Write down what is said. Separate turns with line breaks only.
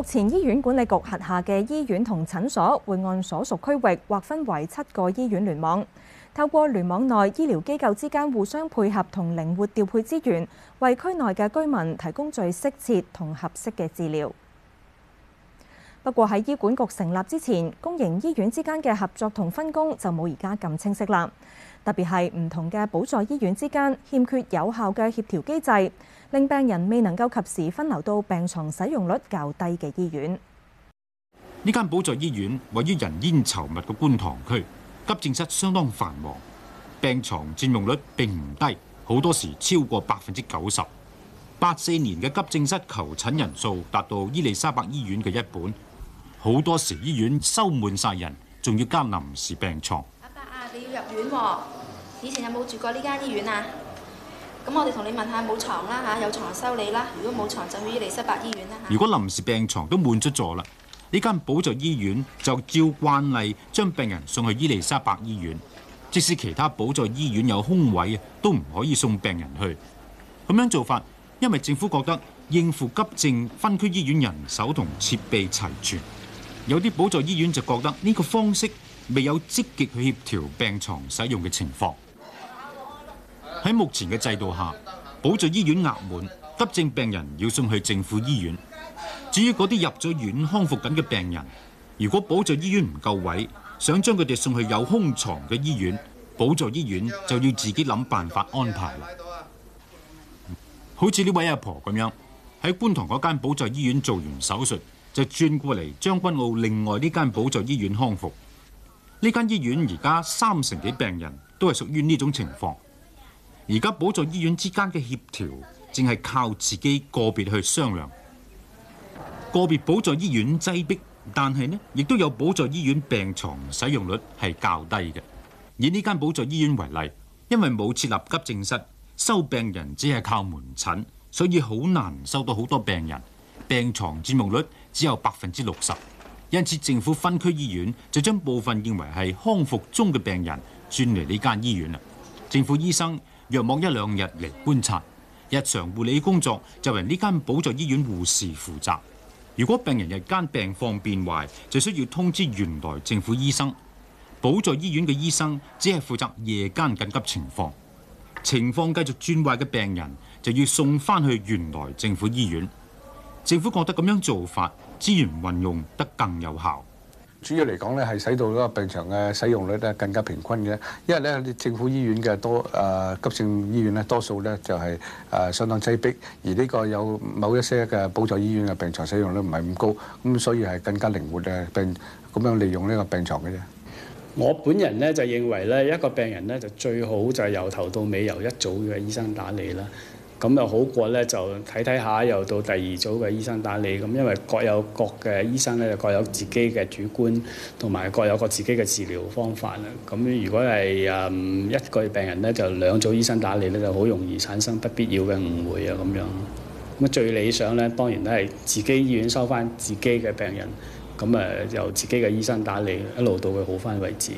目前醫院管理局轄下嘅醫院同診所會按所屬區域劃分為七個醫院聯網，透過聯網內醫療機構之間互相配合同靈活調配資源，為區內嘅居民提供最適切同合適嘅治療。不過喺醫管局成立之前，公營醫院之間嘅合作同分工就冇而家咁清晰啦。特別係唔同嘅補助醫院之間，欠缺有效嘅協調機制，令病人未能夠及時分流到病床使用率較低嘅醫院。
呢間補助醫院位於人煙稠密嘅觀塘區，急症室相當繁忙，病床佔用率並唔低，好多時超過百分之九十。八四年嘅急症室求診人數達到伊利沙伯醫院嘅一本，好多時醫院收滿晒人，仲要加臨時病床。阿
伯啊，你要入院喎！以前有冇住過呢間醫院啊？咁我哋同你問下，冇床啦吓，有床收你啦。如果冇床就去伊利沙伯醫院
啦。如果臨時病床都滿出座啦，呢間補助醫院就照慣例將病人送去伊利沙伯醫院。即使其他補助醫院有空位，都唔可以送病人去。咁樣做法，因為政府覺得應付急症分區醫院人手同設備齊全，有啲補助醫院就覺得呢個方式未有積極去協調病床使用嘅情況。喺目前嘅制度下，補助醫院壓滿，急症病人要送去政府醫院。至於嗰啲入咗院康復緊嘅病人，如果補助醫院唔夠位，想將佢哋送去有空床嘅醫院，補助醫院就要自己諗辦法安排。好似呢位阿婆咁樣，喺觀塘嗰間補助醫院做完手術，就轉過嚟將軍澳另外呢間補助醫院康復。呢間醫院而家三成幾病人都係屬於呢種情況。而家補助醫院之間嘅協調，淨係靠自己個別去商量。個別補助醫院擠逼，但係呢亦都有補助醫院病床使用率係較低嘅。以呢間補助醫院為例，因為冇設立急症室，收病人只係靠門診，所以好難收到好多病人。病床佔用率只有百分之六十，因此政府分區醫院就將部分認為係康復中嘅病人轉嚟呢間醫院啦。政府醫生。約莫一兩日嚟觀察，日常護理工作就由呢間補助醫院護士負責。如果病人日間病況變壞，就需要通知原來政府醫生。補助醫院嘅醫生只係負責夜間緊急情況，情況繼續轉壞嘅病人就要送翻去原來政府醫院。政府覺得咁樣做法資源運用得更有效。
主要嚟講咧，係使到嗰個病床嘅使用率咧更加平均嘅。因為咧，政府醫院嘅多誒急症醫院咧，多數咧就係誒相當擠迫，而呢個有某一些嘅補助醫院嘅病床使用率唔係咁高，咁所以係更加靈活嘅病咁樣利用呢個病床嘅啫。
我本人咧就認為咧，一個病人咧就最好就係由頭到尾由一組嘅醫生打理啦。咁又好過咧，就睇睇下，又到第二組嘅醫生打理。咁因為各有各嘅醫生咧，就各有自己嘅主觀，同埋各有各自己嘅治療方法啦。咁如果係、嗯、一個病人咧，就兩組醫生打理咧，就好容易產生不必要嘅誤會啊咁樣。咁最理想咧，當然都係自己醫院收翻自己嘅病人，咁誒由自己嘅醫生打理，一路到佢好翻為止。